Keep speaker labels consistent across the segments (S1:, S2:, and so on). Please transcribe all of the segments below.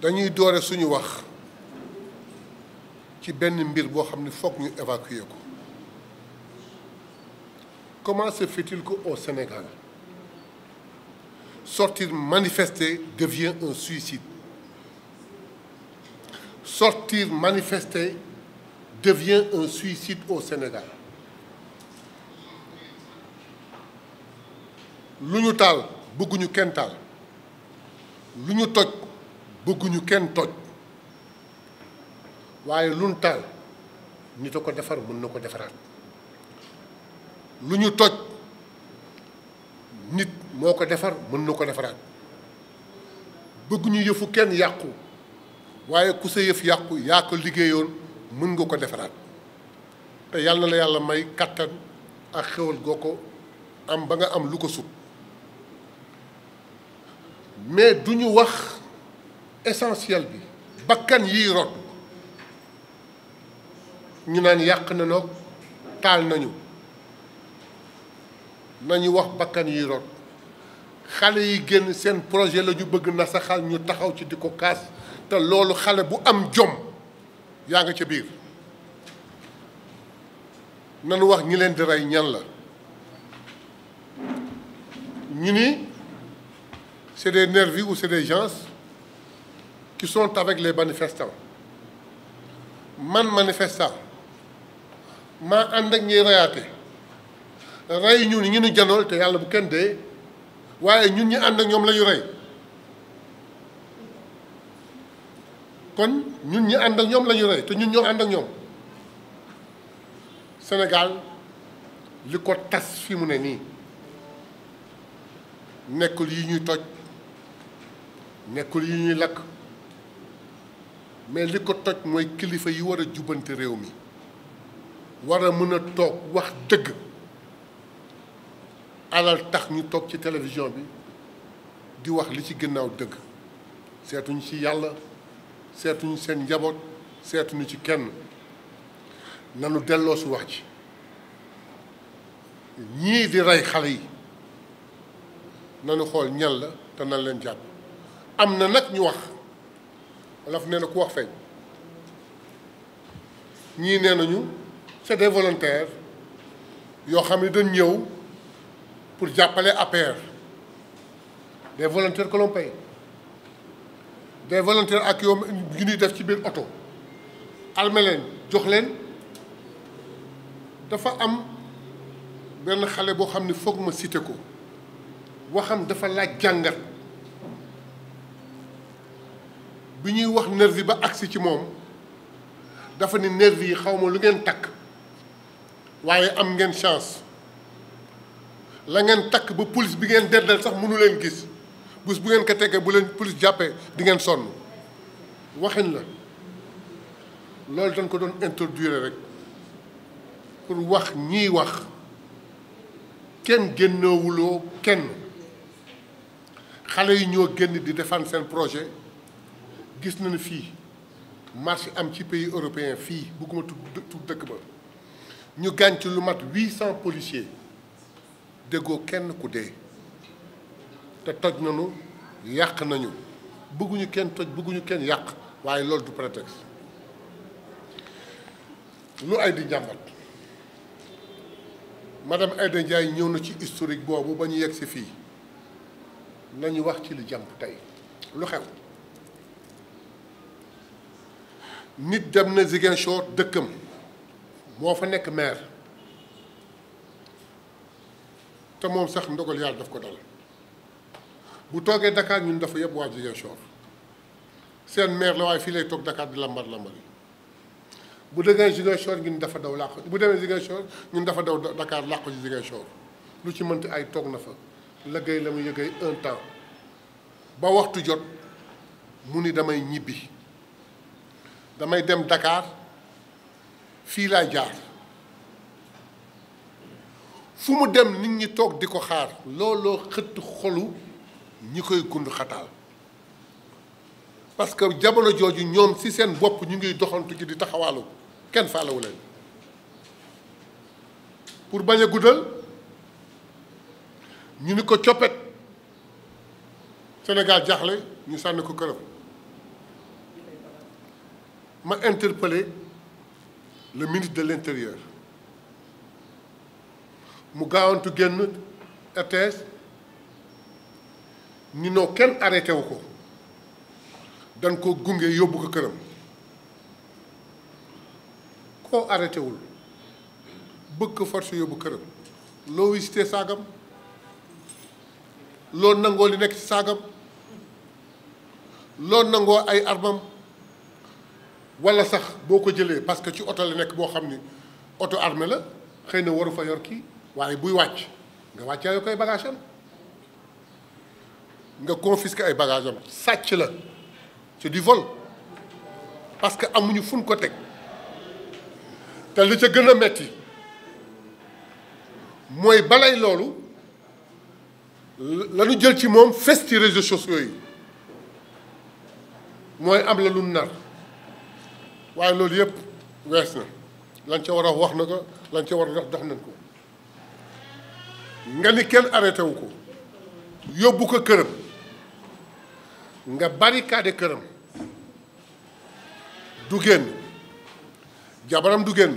S1: dañuy doore suñu wax ci benn mbir boo xam ne foog ñu évacuer ko comment se fait-il qu'au Sénégal sortir manifester devient un suicide sortir manifester devient un suicide au Sénégal lu ñu taal bëgguñu kenn taal lu ñu toj bëgguñu kenn toj waaye lu ñu taal nit a ko defar mën na ko defaraat lu ñu toj nit moo ko defar mën na ko defaraat bëgguñu yëfu kenn yàqu waaye ku sa yëf yàqu yaa ko liggéeyoon mën nga ko defaraat te yàlla na la yàlla may kàttan ak xewal goo ko am ba nga am lu ko sut mais du ñu wax essentiel bi bakkan yiy rot ñu naan yàq na noog taal nañu nañu wax bakkan yiy rot xale yi génn seen projet la ñu bëgg nasaxal ñu taxaw ci di ko kaas te loolu xale bu am jom yaa ngi ca biir nanu wax ñi leen di rey ñan la ñu ni c'est des nervis ou c'est des gens qui sont avec les manifestants man manifestant maa ànd ak ñiy reyaate rey ñun ñu nu janool te yàlla bu kenn dee waaye ñun ñu ànd ak ñoom lañu rey kon ñun ñi ànd ak ñoom lañu ñu rey te ñun ñoo ànd ak ñoom Sénégal li ko tas fi mu ne nii nekkul yi ñuy toj nekkul yi ñuy lakk mais li ko toj mooy kilifa yi war a jubbante réew mi war a mën a toog wax dëgg alal tax ñu toog ci télévision bi di wax li ci gannaaw dëgg seetuñu ci yàlla seetuñu seen njaboot seetuñu ci kenn nanu delloo su wax ji ñii di rey xale yi nanu xool ñan la te na leen jàpp am na nag ñu wax Wolof nee na ku wax feeñ ñii nee nañu c'est des volontaires yoo xam ne dañ ñëw pour jàppale APR des volontaires que l'on paye des volontaires ak yoo gi nuy def ci biir oto armé jox leen dafa am benn xale boo xam ne foog ma cité ko waxam dafa laaj jàngat bi ñuy wax nervi ba agsi ci moom dafa ne nervi yi xawma lu ngeen takk waaye am ngeen chance la ngeen takk ba police bi ngeen derdal sax mënu leen gis bés bu ngeen ko teggee bu leen police jàppee di ngeen sonn waxin la loolu dañ ko doon introduire rek pour wax ñiy wax kenn génnewuloo kenn xale yi ñoo génn di defan seen projet gis nañu fii yi am ci pays européen fii bëgguma tudd dëkk ba ñu gaañ ci lu mat huit cent policiers déggoo kenn ku dee te toj nañu yàq nañu bëgguñu kenn toj bëgguñu kenn yàq waaye loolu du prétexte lu ay di njàmbat madame Aïda Ndiaye ñëw na ci historique boobu ba ñu yegg si fii nañu wax ci li jàmp tey lu xew nit dem na Ziguinchor dëkkam moo fa nekk maire te moom sax ndogal yàlla daf ko dal bu toogee Dakar ñun dafa yëpp waa Ziguinchor seen maire la waaye fii lay toog Dakar di lambar lambar yi bu demee na ñun dafa daw làqu bu demee Ziguinchor ñun dafa daw Dakar làqu ci Ziguinchor lu ci mënt ay toog na fa liggéey la mu yëgee un temps ba waxtu jot mu ni damay ñibbi. damay dem dakaar fii laay jaar fu mu dem nit ñi toog di ko xaar looloo xëtt xolu ñi koy gund xataal parce que jamono jooju ñoom si seen bopp ñu ngiy doxantu ji di taxawaalu kenn faalawu leen pour bañ a guddal ñu ni ko coppet Sénégal jaaxle ñu sànni ko këram ma interpellé le ministre de l'intérieur mu gaawantu génn RTS ni noo kenn arrêté wu ko dañ ko gunge yóbbu ko këram koo arrêté wul bëgg ko force yóbbu këram loo visité saagam loo nangoo li nekk ci saagam loo nangoo ay armam wala sax boo ko jëlee parce que ci oto la nekk boo xam ni oto armée la xëy na waru fa yor kii waaye buy wàcc nga wàccee koy bagage nga confisquer ay bagage sàcc la c'est du vol parce que amuñu fuñ ko teg te li ca gën a metti mooy balay loolu lañu jël ci moom fes ci réseaux sociaux yi mooy am la lu nar waaye loolu yëpp wees na lañ ca war a wax na ko lañ ca war a dox dox nañ ko nga ni kenn arrêté wu ko yóbbu ko këram nga bari barricade këram du génn jabaram du génn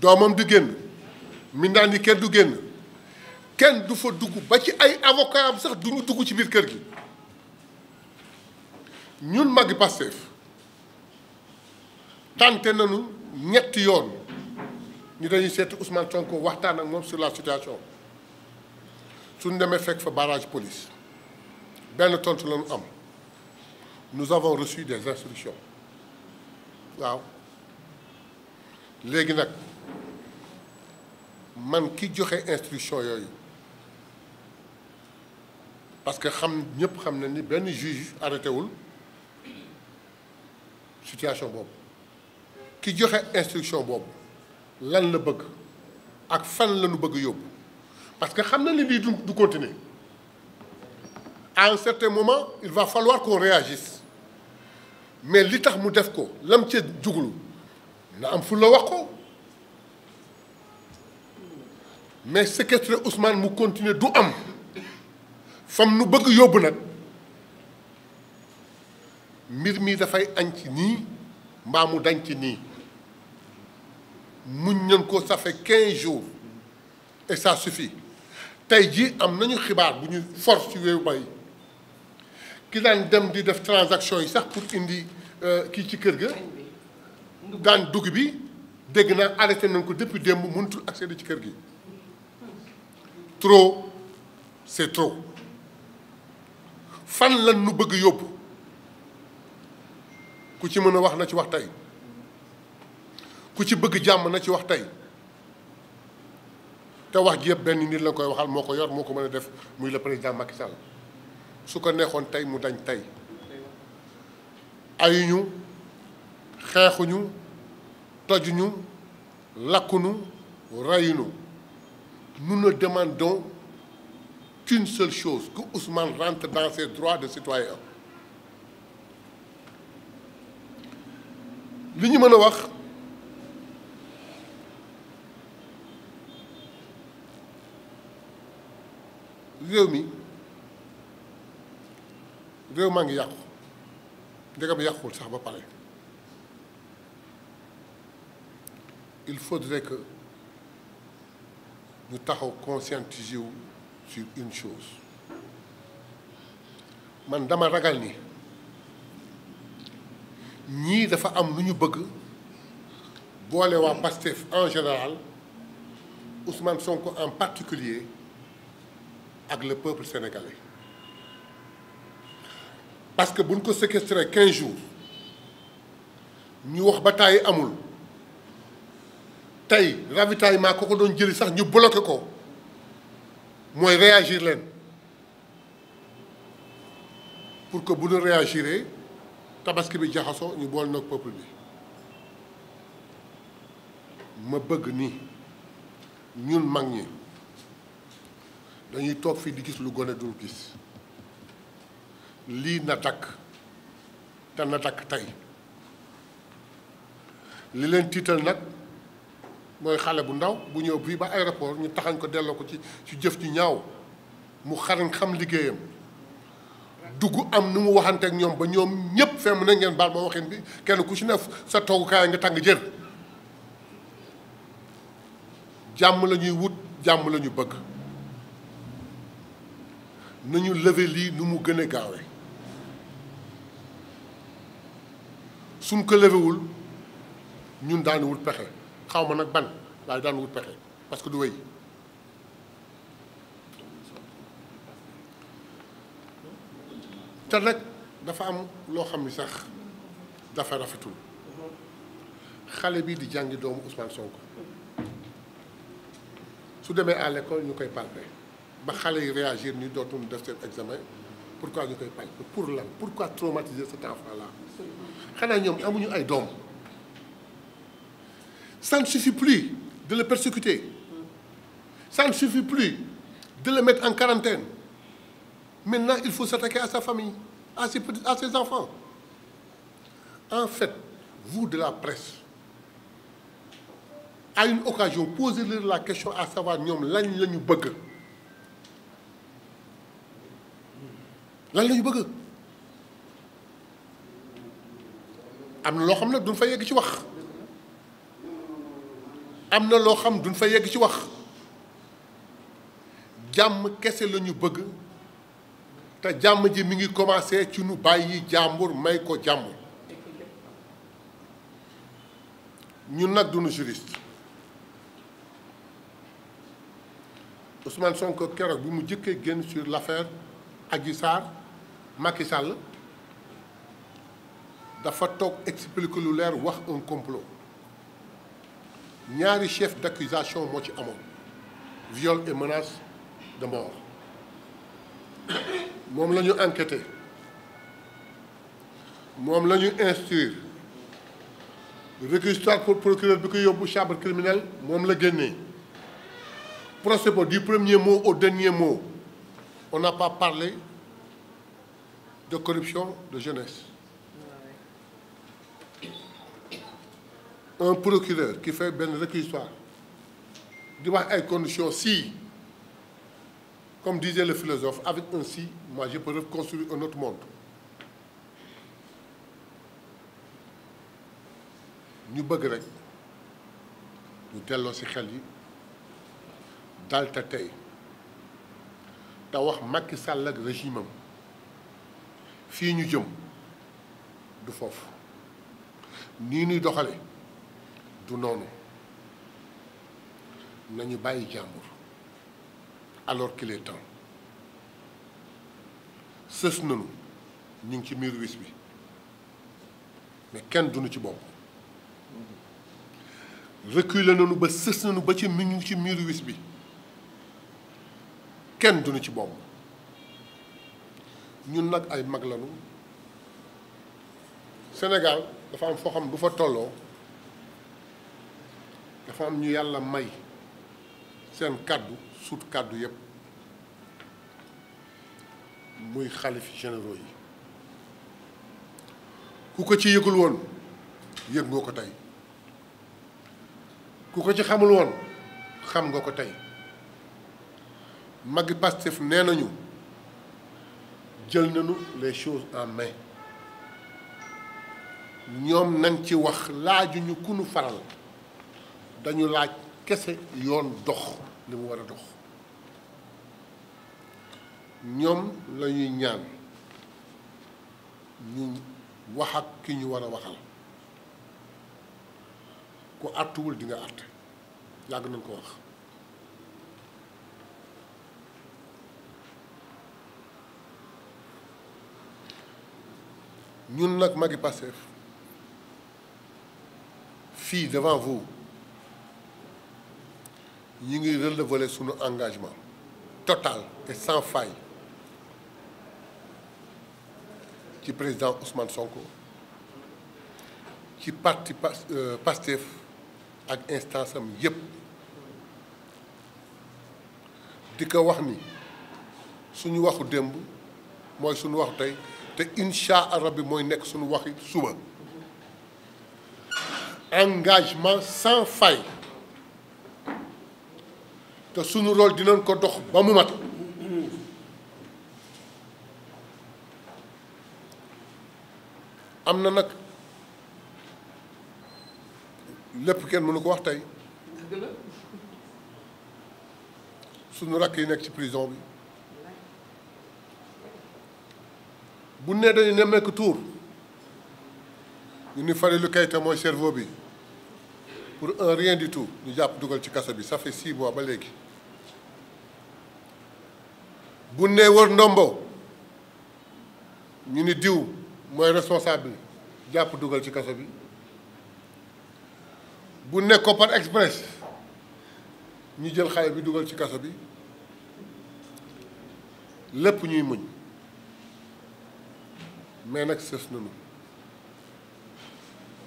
S1: doomam du génn mindaan kenn du génn kenn du fa dugg ba ci ay avocat am sax duñu dugg ci biir kër gi ñun magi Pastef tenté nañu ñetti yoon ñu dañuy seeti Ousmane Sonko waxtaan ak moom sur la situation suñu demee fekk fa barrage police benn tontu lañu am nous avons reçu des instructions waaw léegi nag man ki joxe instruction yooyu parce que xam ñëpp xam na ni benn juge arrêté wul situation boobu. ki joxe instruction boobu lan la bëgg ak fan la ñu bëgg yóbbu parce que xam na ni lii du du continuer à un certain moment il va falloir qu'on réagisse mais li tax mu def ko lam ca juglu na am fu la wax ko mais séquestré Ousmane mu continuer du am fam nu bëgg yóbbu nag mbir mii dafay añ ci nii mbaa mu dañ ci nii muñ nañ ko ça fait quinze jours et ça suffit tey jii am nañu xibaar bu ñu force ci wéewu bay ki daan dem di def transaction yi sax pour indi euh, kii ci kër ga daan dugg bi dégg naa arrêté nañ ko depuis démb mënutul accéder ci kër gi trop c'est trop fan la nu bëgg yóbbu ku ci mën a wax na ci wax tey ku ci bëgg jàmm na ci wax tey te wax ji yëpp benn nit la koy waxal moo ko yor moo ko mën a def muy le président Macky Sall su ko neexoon tey mu dañ tey ayuñu xeexuñu tojuñu lakkunu rayuñu nous ne demandons qu'une seule chose que Ousmane rentre dans ses droits de citoyen li ñu mën a wax réew mi réew maa ngi yàqu ndegam yàquwul sax ba pare il faudrait que ñu taxaw conscientiser wu sur une chose man dama ragal ni ñii dafa am lu ñu bëgg boole waa Pastef en général Ousmane Sonko en particulier ak le peuple sénégalais parce que bu ñu ko séquestré 15 jours ñu wax ba tàyyi amul tey ravitaillement ko ko doon jëli sax ñu bloqué ko mooy réagir leen pour que bu ñu réagiree tabaski bi jaxasoo ñu bool nag peuple bi ma bëgg nii ñun mag ñi. dañuy toog fii di gis lu gone dul gis lii na takk te na takk tey li leen tiital nag mooy xale bu ndaw bu ñëw bii ba aéroport ñu taxañ ko delloo ko ci ci jëf ci ñaaw mu xarañ xam liggéeyam dugg am nu mu waxanteek ñoom ba ñoom ñépp fem nañ ngeen baal ma waxin bi kenn ku ci nekk sa toogukaay nga tàng jër jàmm lañuy wut jàmm la ñu bëgg nañu lever lii nu mu gën a gaawee suñ ko levewul ñun daanu wut pexe xaw ma nag ban waaye daanu wut pexe parce que du wéy te nag dafa am loo xam ni sax dafa rafetul xale bii di jàngi doomu Ousmane Sonko su demee à l'école ñu koy palper ba xale yi réagir ni dootum def seen examen pourquoi ñu koy pañ pour lan pourquoi traumatiser cet enfant là xanaa ñoom amuñu ay doom ça ne suffit plus de le persécuter ça ne plus de le mettre en quarantaine maintenant il faut s'attaquer à sa famille à ses petits à ses enfants en fait vous de la presse à une occasion posez-leur la question à savoir ñoom lañ la ñu bëgg lan la ñu bëgg am na loo xam ne duñ fa yegg ci wax am na loo xam duñ fa yegg ci wax jàmm kese lañu bëgg te jàmm ji mi ngi commencé ci nu bàyyi jàmbur may ko jàmbur ñun nag duñu juriste Ousmane sonk keroog bi mu jëkkee génn sur l'affaire Adji Sarr Macky Sall dafa toog explique lu leer wax un complot ñaari chef d'accusation moo ci amoon viol et menace de mort moom la ñu enquêté moom la ñu instruire réquisitoire pour procureur bi ko yóbbu chambre criminelle moom la génnee procès du premier mot au dernier mot on n'a pas parlé de corruption de jeunesse. un procureur qui fait benn réquisitoire di wax ay conditions si comme disait le philosophe avec un si moi yëpp peux reconstruire un autre monde ñu bëgg rek ñu delloo ci xel yi dal te tey te wax Macky Sall ak régime am fii ñu jëm du foofu nii ñuy doxale du noonu nañu bàyyi jàmbur alors qu'il est temps sës nañu ñu ngi ci miir wis bi mais kenn dunu ci bopp reculer nañu ba sës nañu ba ci mi ñu ci miir wis bi kenn duñu ci bopp ñun nag ay mag lañu Sénégal dafa am foo xam du fa tolloo dafa am ñu yàlla may seen kàddu suut kàddu yépp muy xalif généraux yi ku ko ci yëgul woon yëg nga ko tey ku ko ci xamul woon xam nga ko tey magi Pastef nee nañu jël nañu les choses en main ñoom nañ ci wax laajuñu ñu kunu faral dañu laaj kese yoon dox li mu war a dox ñoom lañuy ñaan ñu wax ak ki ñu war a waxal ku àttuwul di nga àtt yàgg nañ ko wax ñun nag magi Pastef fii devant vous ñu ngi relever sunu engagement total et sans faille ci président Ousmane Sonko ci parti euh, Pastef ak instance am yépp di ko wax ni suñu waxu démb mooy suñu waxu tey te incha allah bi mooy nekk suñu waxi suba engagement sans faille te suñu rôle dinañ ko dox ba mu mat am na nag lépp kenn mënu ko wax tey suñu rakk yi nekk ci prison bi bu ne dañu nemmeeku tuur ñu ni lu Keita mooy cerveau bi pour un rien du tout ñu jàpp dugal ci kaso bi ça fait ba léegi bu ne wër ndombo ñu ni diw mooy responsable jàpp dugal ci kaso bi bu ne Kopar Express ñu jël xale bi dugal ci kaso bi lépp ñuy muñ mais nag sës nañu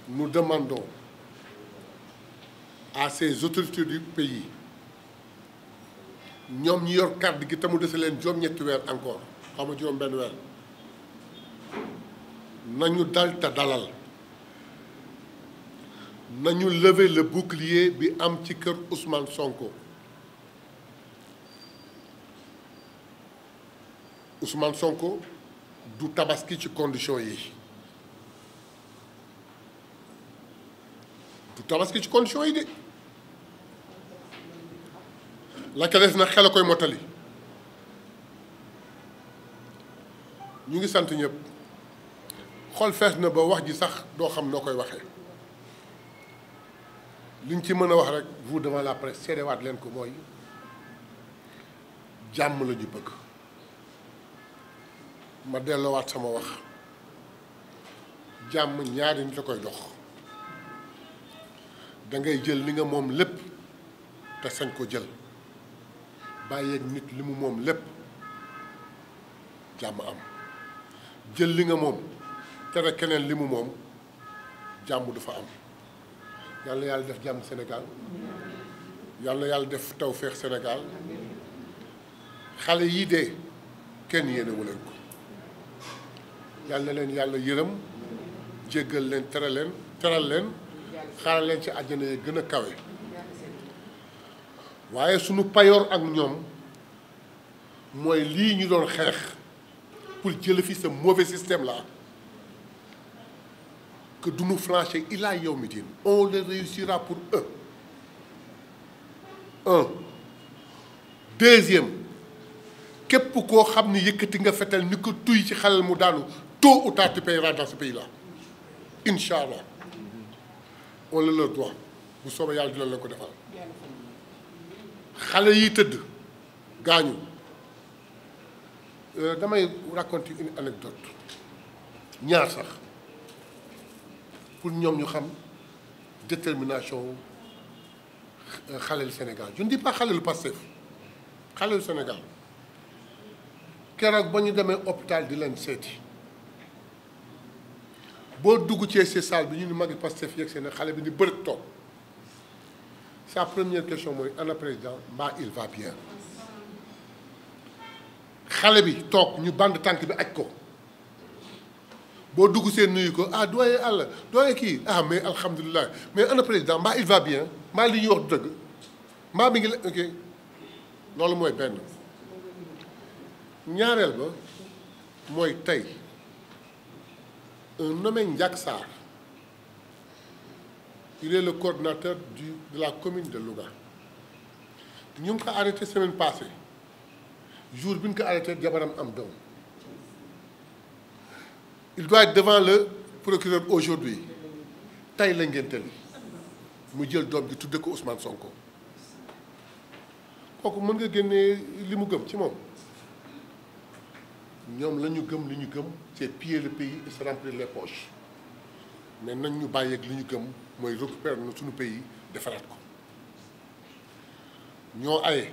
S1: nous demandons à ces autorités du pays ñoom ñi yor kàdd gi te mu dese leen juróom-ñetti weer encore xaw ma juróom-benn weer nañu dal te dalal nañu lever le bouclier bi am ci kër Ousmane Sonko Ousmane Sonko. du tabaski ci condition yi du tabaski ci condition yi de la na xel a koy mottali ñu ngi sant ñëpp xol fees na ba wax ji sax doo xam noo koy waxee li ñu ci mën a wax rek vous devant la presse seedewaat leen ko mooy jàmm la bëgg ma delloowaat sama wax jàmm ñaari nit la koy dox dangay jël li nga moom lépp te sañ ko jël bàyyeeg nit li mu moom lépp jàmm am jël li nga moom tere keneen li mu moom jàmm du fa am yàlla yàlla def jàmm Sénégal yàlla yàlla def tawféex Sénégal xale yii de kenn yéenewu leen ko yal na leen yàlla yërëm jéggal leen tere teral leen xaaral leen ci àjjana yi gën a kawe waaye sunu payoor ak ñoom mooy lii ñu doon xeex pour jële fi ce mauvais système là que du ñu flancher ilaa yawmi diin on le réussira pour eux deuxième képp koo xam ni yëkkati nga fetal ni ko tuy ci xalal mu daanu tôt ou tard tu payeras dans ce pays-là incha allah wala droit bu soobee yàlla dina la ko defal xale yi tëdd gaañu euh, damay raconter une anecdote ñaar sax pour ñoom ñu xam détermination xalelu Sénégal je ne dis pas xalelu Pastef xalelu Sénégal keroog ba ñu demee hôpital di leen seeti. boo dugg ci si salle bi ñu ni magi Pastef yegg seen xale bi ni bërëg toog sa première question mooy ana président mbaa il va bien xale bi toog ñu band tànk bi aj ko boo dugg seen nuyu ko ah doyee àll doyee kii ah mais alhamdulilah mais ana président mbaa il va bien mbaa li ñuy wax dëgg mbaa mi ngi la ok loolu mooy benn ñaareel ba mooy tey un nommé Ndiaksar. Il est le coordinateur du, de la commune de Louga. ñu ngi ko arrêté semaine passée jour bi ñu ko arrêté jabaram am doom il doit être devant le procureur aujourd'hui tey la ngénte li mu jël doom ji tudde ko Ousmane Sonko kooku mën nga génnee li mu gëm ci moom ñoom la ñu gëm li ñu gëm c'est piller le pays et se remplir les poches mais nañ ñu bàyyeeg li ñu gëm mooy récupérer na suñu pays defaraat ko ñoo aye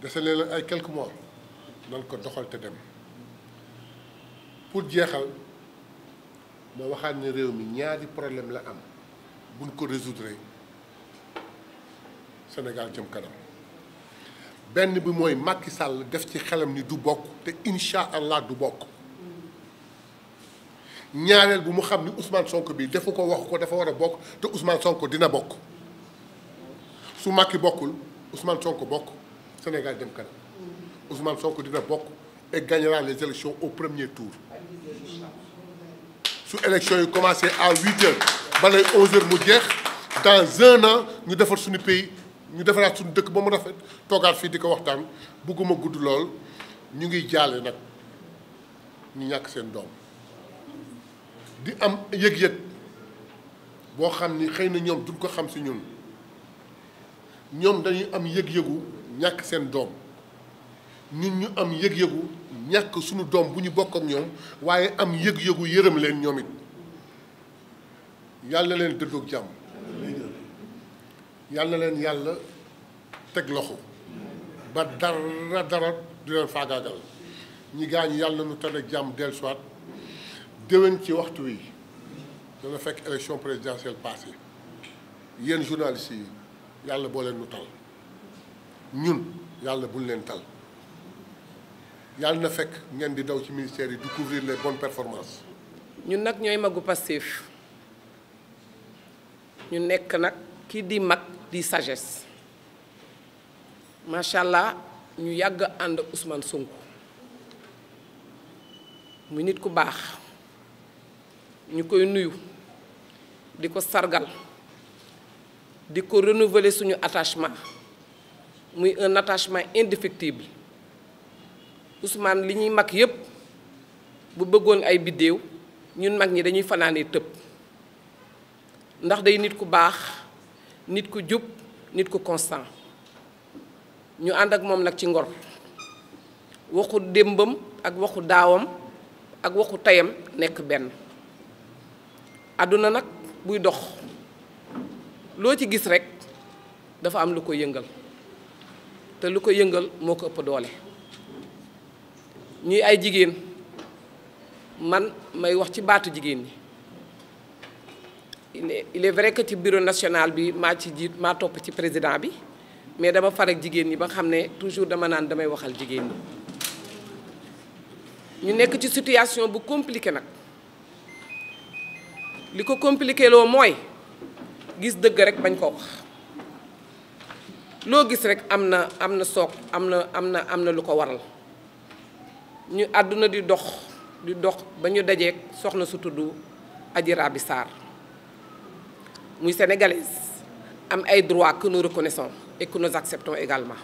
S1: dese leen ay quelques mois nan ko doxal te dem pour jeexal moo waxaat ni réew mi ñaari problème la am buñ ko résoudre Sénégal jëm kanam benn bi mooy Macky Sall def ci xelam ni du bokk te incha allah du bokk ñaareel bi mu xam ni Ousmane Sonko bi defu ko wax ko dafa war a bokk te Ousmane Sonko dina bokk su Macky bokkul Ousmane Sonko bokk Sénégal dem kanam Ousmane Sonko dina bokk et gagnera les élections au premier tour su élection yi commencé à huit heures balay onze heures mu jeex dans un an ñu defar suñu pays ñu defaraat suñu dëkk ba mu rafet toogaat fii di ko waxtaan bëgguma gudd lool ñu ngi jaale nag ñu ñàkk seen doom di am yëg-yëg boo xam ni xëy na ñoom duñ ko xam si ñun ñoom dañuy am yëg-yëgu ñàkk seen doom ñun ñu am yëg-yëgu ñàkk suñu doom bu ñu bokk ak ñoom waaye am yëg-yëgu yërëm leen ñoom it yàlla leen dëddoog jàmm yàlla na leen yàlla teg loxo ba dara dara du leen faagaagal ñi gaañ yàlla nu tane jàmm dellusiwaat déwén ci waxtu wi dana fekk élection présidentielle passée yéen journalistes yi yàlla boo leen nu tal ñun yàlla bul leen tal yàlla na fekk ngeen di daw ci ministère yi di couvrir les bonnes performances.
S2: ñun nag ñooy magu Pastef ñu nekk nag. kii di mag di sages macha allah ñu yàgg ànd Ousmane Sonko mu nit ku baax ñu koy nuyu di ko sargal di ko renouveler suñu attachement muy un attachement indéfectible Ousmane li ñuy mag yépp bu bëggoon ay biddéew ñun mag ñi dañuy fanaanee tëb ndax day nit ku baax nit ku jub nit ku constant ñu ànd ak moom nag ci ngor waxu démbam ak waxu daawam ak waxu tayam nekk benn àdduna nag buy dox loo ci gis rekk dafa am lu ko yëngal te lu ko yëngal moo ko ëpp doole ñuy ay jigéen man may wax ci baatu jigéen ñi il est vrai que ci bureau national bi maa ci jiit maa topp ci président bi mais dama far ak jigéen ñi ba xam ne toujours dama naan damay waxal jigéen ñi ñu nekk ci situation bu compliqué nag li ko compliqué loo mooy gis dëgg rek bañ ko wax loo gis rek am na am na soog am na am na am na lu ko waral ñu àdduna di dox di dox ba ñu dajeek soxla su tudd Adji Raby muy sénégalaise am ay droits que nous reconnaissons et que nous acceptons également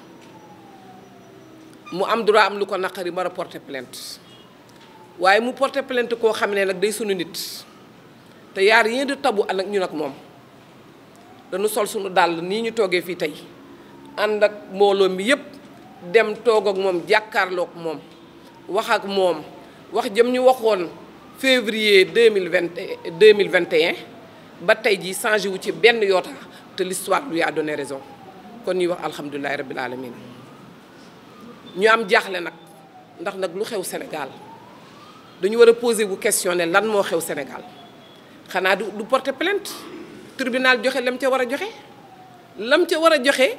S2: mu am droit am lu ko naqari ma a porter plainte waaye mu porter plainte koo xam ne nag day sunu nit te yaar a tabu de ñu ànd moom dañu sol sunu dàll nii ñu toogee fii tey ànd ak mbooloo mi yépp dem toog ak moom jàkkaarlook moom wax ak moom wax jëm ñu waxoon février deux mille vingt deux mille vingt et un ba tey jii changé wu ci benn yoota te l'histoire lui a donné raison kon ñuy wax alhamdulilahi rabbil alamin ñu am jaaxle nag ndax nag lu xew Sénégal dañu war a poser wu question ne lan moo xew Sénégal xanaa du du porter plainte tribunal joxe lam ca war a joxe lam ca war a joxe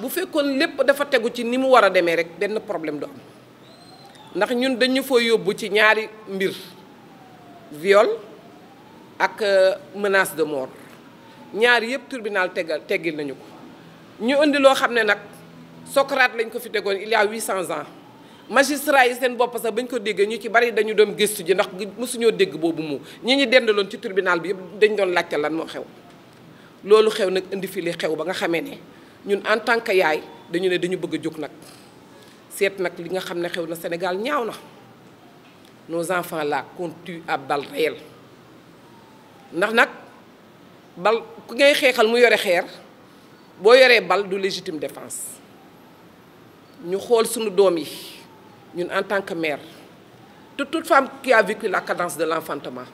S2: bu fekkoon lépp dafa tegu ci ni mu war a demee rek benn problème du am ndax ñun dañu foo yóbbu ci ñaari mbir viol ak euh, menace de mort ñaar yëpp tribunal tegal teggil nañu ko ñu indi loo xam ne nag Socrate lañ ko fi tegoon il huit a 800 ans magistrat yi seen bopp sax bañ ko dégg ñu ci bari dañu doon gëstu ji ndax mosuñoo dégg boobu mu ñi ñu dendaloon ci tribunal bi yëpp dañ doon laajte lan moo xew loolu xew nag indi fi li xew ba nga xamee ne ñun en tant que yaay dañu ne dañu bëgg a jóg nag seet nag li nga xam ne xew na Sénégal ñaaw na nos enfants là qu'on tue à balles ndax nag bal ku ngay xeexal mu yore xeer boo yoree bal du légitime défense ñu xool suñu doom yi ñun en tant que mère te toute femme qui a vécu la cadence de l'enfantement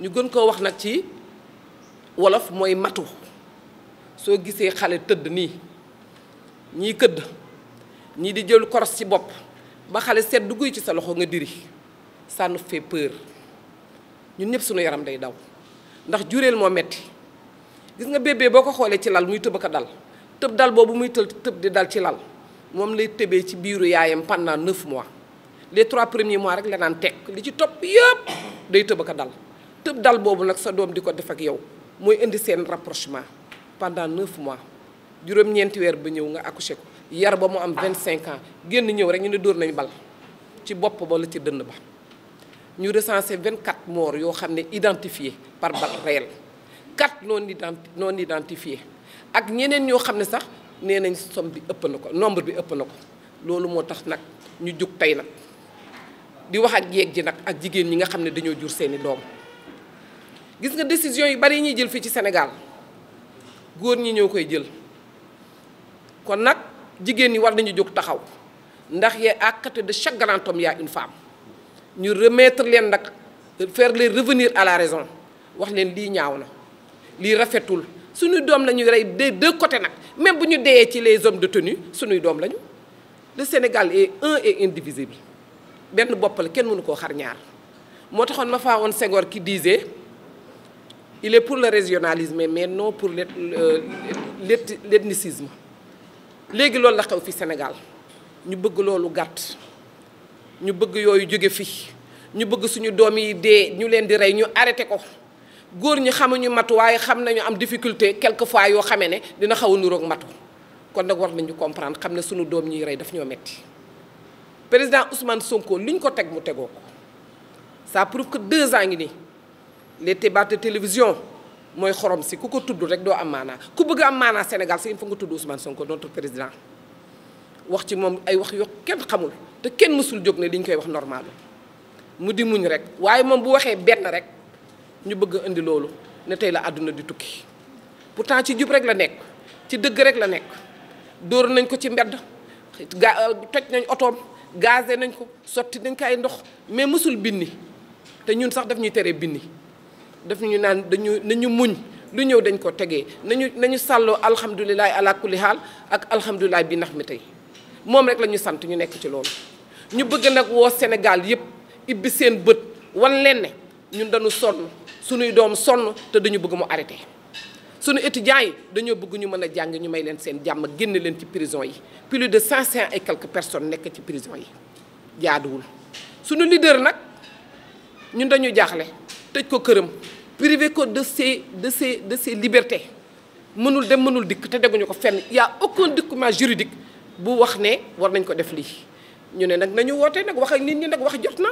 S2: ñu gën ko wax nag ci wolof mooy matu soo gisee xale tëdd nii ñii këdd ñii di jël koros ci bopp ba xale seet dugg ci sa loxo nga diri ça nous fait ñun ñëpp suñu yaram day daw ndax jureel moo metti gis nga bébé boo ko xoolee ci lal muy tëb ak dal tëb dal boobu muy tël tëb di dal ci lal moom lay tëbee ci biiru yaayam pendant neuf mois les trois premiers mois rek la naan teg li ci topp yëpp day tëb ak dal tëb dal boobu nag sa doom di ko def ak yow mooy indi seen rapprochement pendant neuf mois juróom-ñeenti weer ba ñëw nga accouché ko yar ba mu am vingt cinq ans génn ñëw rek ñu ne dóor nañu bal ci bopp ba la ci dënn ba ñu recensé 24 morts yoo xam ne identifiés par balle réelle 4 non identi non ak ñeneen ñoo xam ne sax nee nañ somme bi ëpp na ko nombre bi ëpp na ko loolu moo tax nag ñu jug tey nag di wax ak yeeg ji nag ak jigéen ñi nga xam ne dañoo jur seeni doom gis nga décision yi bari yi ñuy jël fii ci senegal góor ñi ñoo koy jël kon nag jigéen ñi war nañu jóg taxaw ndax yee à côté de chaque grand homme yaa a une ñu remettre leen nag faire les revenir à la raison wax leen lii ñaaw na lii rafetul suñuy doom la ñuy rey des deux côtés nag même bu ñu deyee ci les hommes de tenue suñuy doom lañu le Sénégal est un et indivisible benn bopp la kenn mënu koo xar ñaar moo taxoon ma faa woon Senghor qui disait il est pour le régionalisme mais non pour l'ethnicisme léegi loolu la xew fi Sénégal ñu bëgg loolu gàtt ñu bëgg yooyu jóge fi ñu bëgg suñu doom yi dee ñu leen di rey ñu arrêté ko góor ñi xamuñu matu waaye xam nañu am difficulté fois yoo xamee ne dina xaw a nuroog matu kon nag war nañ ñu comprendre xam ne suñu doom ñuy rey daf ñoo metti président Ousmane Sonko li ñu ko teg mu tegoo ko ça prouve que deux ans ngi nii les débats de télévision mooy xorom si ku ko tudd rek doo am maanaa ku bëgg am maanaa Sénégal si il faut nga tudd Ousmane Sonko notre président wax ci moom ay wax yoo kenn xamul. te kenn mësul jóg ne li ñu koy wax normal mu di muñ rek waaye moom bu waxee benn rek ñu bëgg indi loolu ne tey la àdduna di tukki pourtant ci jub rek la nekk ci dëgg rek la nekk dóor nañ ko ci mbedd ga toj nañ otoom gazé nañ ko sotti dañ ko ay ndox mais mësul binni te ñun sax daf ñuy tere binni daf ñu naan dañu nañu muñ lu ñëw dañ ko tegee nañu nañu sàlloo alhamdulilahi ala ak alhamdulilahi bi nax mi tey moom rek la ñu sant ñu nekk ci loolu ñu bëgg nag woo Sénégal yëpp ibbi seen bët wan leen ne ñun dañu sonn suñuy doom sonn te dañu bëgg mu arrêté suñu étudiants yi dañoo bëgg ñu mën a jàng ñu may leen seen jàmm génne leen ci prison yi plus de cinq cent et quelques personnes nekk ci prison yi jaaduwul suñu leader nag ñun dañu jaaxle tëj ko këram privé ko de ses de ses de ses mënul dem mënul dikk te deguñu ko fenn y a aucun document juridique bu wax ne war nañ ko def lii ñu ne nag nañu woote nag wax ak nit ñi nag wax jot na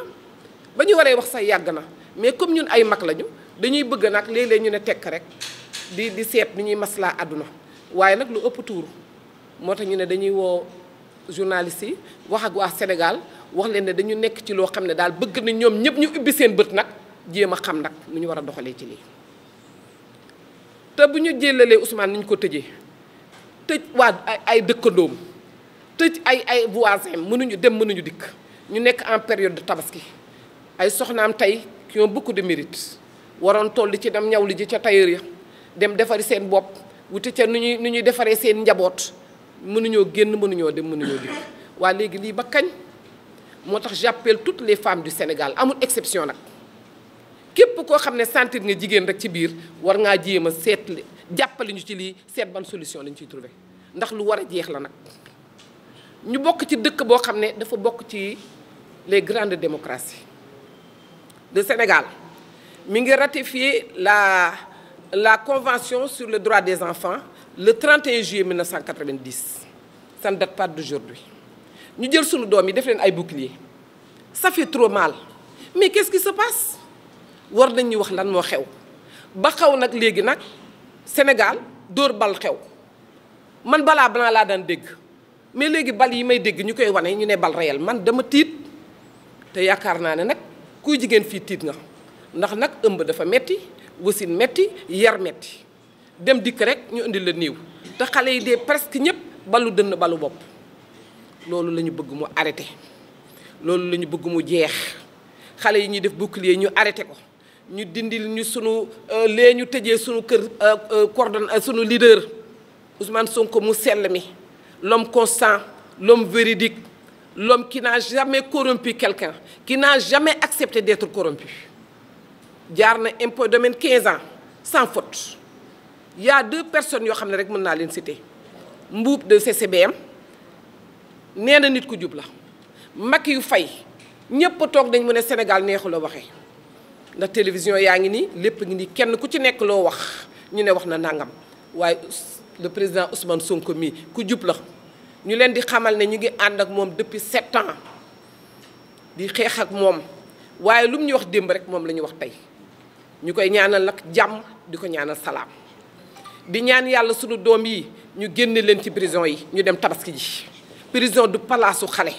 S2: ba ñu waree wax sax yàgg na mais comme ñun ay mag lañu dañuy bëgg nag léeg ñu ne tekk rek di di seet ni ñuy maslaa àdduna waaye nag lu ëpp tuuru moo tax ñu ne dañuy woo journaliste yi wax ak waa Sénégal wax leen ne dañu nekk ci loo xam ne daal bëgg na ñoom ñëpp ñu ibbi seen bët nag jéem a xam nag nu ñu war a doxalee ci lii. te bu ñu jëlalee Ousmane ni ñu ko tëjee tëj waa ay dëkkandoom. tëj ay ay voisins mënuñu dem mënuñu dikk ñu nekk en période de tabaski ay soxnaam tey qui ont beaucoup de mérite waroon toll ci dem ñaw li ji ca tailleur ya dem defari seen bopp wuti ca nu ñuy nu ñuy defaree seen njaboot mënuñoo génn mënuñoo dem mënuñoo dikk waa léegi lii ba kañ moo tax jàppeel toutes les femmes du Sénégal amul exception nag képp koo xam ne sentir nga jigéen rek ci biir war ngaa jéem a seet jàppale ñu ci lii seet ban solution lañ ciy trouver ndax lu war a jeex la nag ñu bokk ci dëkk boo xam ne dafa bokk ci les grandes démocraties le Sénégal mi ngi ratifié la la convention sur le droit des enfants le 31 juillet 1990 ça ne de pas d'aujourd'hui ñu jël suñu doom yi def leen ay bouclier ça trop mal mais qu'est-ce qui se passe war nañ wax lan moo xew ba xew nag léegi nag Sénégal dóor bal xew man balaa balaa laa daan dégg. mais léegi bal yi may dégg ñu koy wane ñu ne bal réel man dama tiit te yaakaar naa ne nag kuy jigéen fii tiit na ndax nag ëmb dafa metti wasin metti yar metti dem dikk rek ñu indi la niiw te xale yi dee presque ñëpp balu dënn balu bopp loolu lañu bëgg mu arrêté loolu lañu bëgg mu jeex xale yi ñuy def bouclier ñu arrêté ko ñu dindil ñu sunu euh, lee ñu tëjee sunu kër euh, euh, coordonne sunu leader Ousmane Sonko mu sell mi lom constant, l'homme véridique, l'homme qui n'a jamais corrompu quelqu'un, qui n'a jamais accepté d'être corrompu. jaar na impôt domaine 15 ans sans faute il y a deux personnes yoo xam ne rek mën naa leen citer Mbuub de CCBM nee na nit ku jub la mag yu fay ñëpp toog dañ mu ne Sénégal neexula waxee ndax télévision yaa ngi nii lépp ngi nii kenn ku ci nekk loo wax ñu ne wax na nangam waaye. le président Ousmane Sonko mii ku jub la ñu leen di xamal ne ñu ngi ànd ak moom depuis sept ans di xeex ak moom waaye lu mu ñu wax démb rek moom la ñu wax tey ñu koy ñaanal nag jàmm di ko ñaanal salaam di ñaan yàlla sunu doom yi ñu génne leen ci prison yi ñu dem tabaski ji prison du palaasu xale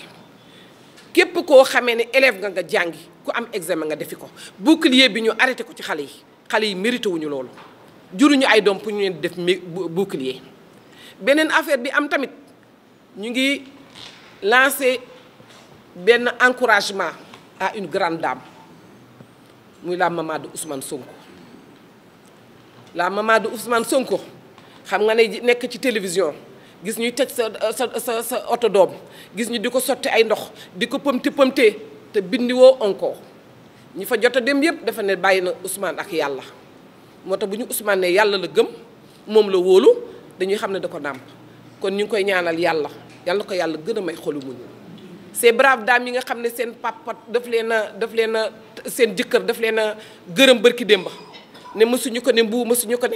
S2: képp koo xamee ne élève nga nga jàngi ku am examen nga defi ko bouclier bi ñu arrêté ko ci xale yi xale yi mérité wuñu loolu juruñu ay doom pour ñu leen def bouclier beneen affaire bi am tamit ñu ngi lancé benn encouragement à une grande dame muy la maman de Ousmane Sonko la maman de Ousmane Sonko xam nga ne nekk ci télévision gis ñuy tëj sa sa sa oto doom gis ñu di ko sotti ay ndox di ko pëmte pëmte te bindiwoo encore ñi fa jot a dem yëpp dafa ne bàyyi na Ousmane ak yàlla. moo bu ñu Ousmane ne yàlla la gëm moom la wóolu dañuy xam ne da ko nàmp kon ñu ngi koy ñaanal yàlla yàlla ko yàlla gën a may xolu muñu ces braves yi nga xam ne seen papa daf leen a daf leen a seen jëkkër daf leen a gërëm bërki démba ne mësuñu ko ne mbuu mësuñu ko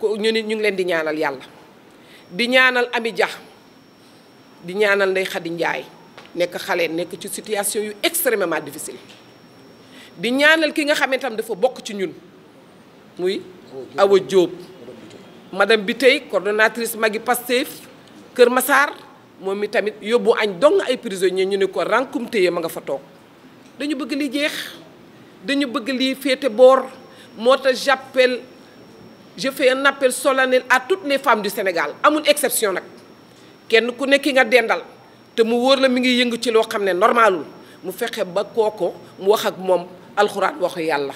S2: ko ñu ne ñu ngi leen di ñaanal yàlla di ñaanal Ami Dia di ñaanal Ndeye Khady njaay nekk xale nekk ci situation yu extremement difficile di ñaanal ki nga xam ne dafa bokk ci ñun muy Awa tey madame mag coordonnatrice Maggi Pastef Kër Massar moom mi tamit yóbbu añ dong ay prisonniers ñu ne ko rankum téye ma nga fa toog dañu bëgg li jeex dañu bëgg li féete boor moo tax j'appelle je fais un appel solennel à toutes les femmes du Sénégal amul exception nag kenn ku nekk nga dendal te mu wóor la mi ngi yëngu ci loo xam ne normalul mu fexe ba kooko mu wax ak moom alxuraan waxu yàlla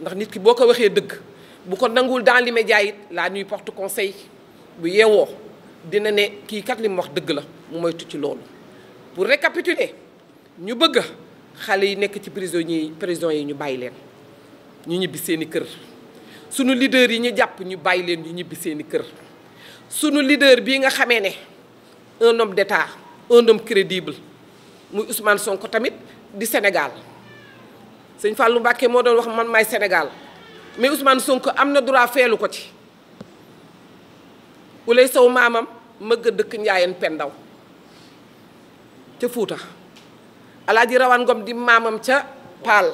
S2: ndax nit ki boo ko waxee dëgg bu ko nanguwul dans l'immédiat it laa nuit porte conseil bu yeewoo dina ne kii kat li mu wax dëgg la mu moytu ci loolu. pour récapituler ñu bëgg xale yi nekk ci prisonniers yi prison yi ñu bàyyi leen ñu ñibbi seeni kër sunu leader yi ñu jàpp ñu bàyyi leen ñu ñibbi seeni kër suñu leader bii nga xamee ne un homme d'état un homme crédible muy Ousmane Sonko tamit di Sénégal. sëñ Fallou Mbacké moo doon wax man may Sénégal mais Ousmane Sonko am na droit feelu ko ci ulay saw maamam mëgg dëkk Ndiayeen Pendaw ca Fuuta alaaji rawaan ngom di maamam ca Paal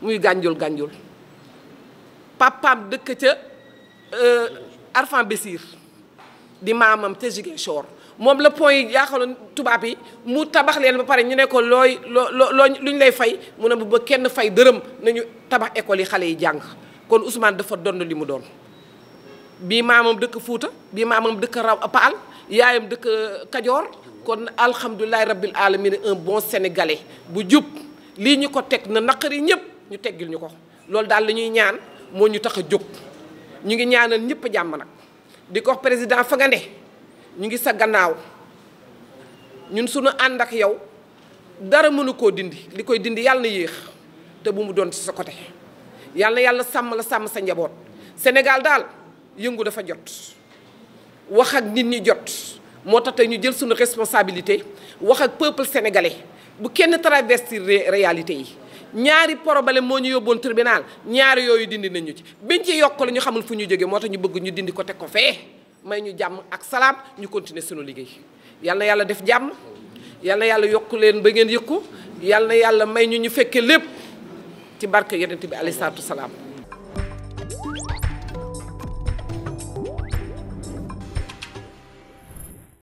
S2: muy gànjul gànjul papaam dëkk ca euh, Arfan Bésir di maamam ca Ziguinchor moom la pont yi yaaxaloon tubaab yi mu tabax leen ba pare ñu ne ko looy loo loo ñu lay fay mu ne ba kenn fay dërëm nañu tabax école yi xale yi jàng kon Ousmane dafa donn li mu doon bii maamam dëkk Fuuta bii maamam dëkk raw Paal yaayam dëkk Kajoor kon alhamdulilahi rabbil alamin un bon sénégalais bu jub lii ñu ko teg na yi ñëpp ñu teggil ñu ko loolu daal lañuy ñaan moo ñu tax a jóg ñu ngi ñaanal ñëpp jàmm nag di ko président fa nga ne ñu ngi sa gannaaw ñun sunu ànd ak yow dara mënu koo dindi li koy dindi yàlla yéex te bu mu doon ci sa côté yàlla yàlla sàmm la sàmm sa njaboot Sénégal daal yëngu dafa jot wax ak nit ñi jot moo tax te ñu jël suñu responsabilité wax ak peuple sénégalais bu kenn travestir réalité yi ñaari problème moo ñu yóbboon tribunal ñaari yooyu dindi nañu ci biñ ci yokk la ñu xamul fu ñu jógee moo tax ñu bëgg ñu dindi ko teg ko fee may ñu jàmm ak salaam ñu continuer sunu liggéey yal na yàlla def jàmm yal na yàlla yokk leen ba ngeen yëkku yal na yàlla may ñu ñu fekkee lépp ci barke yonent bi alayhi salaatu salaam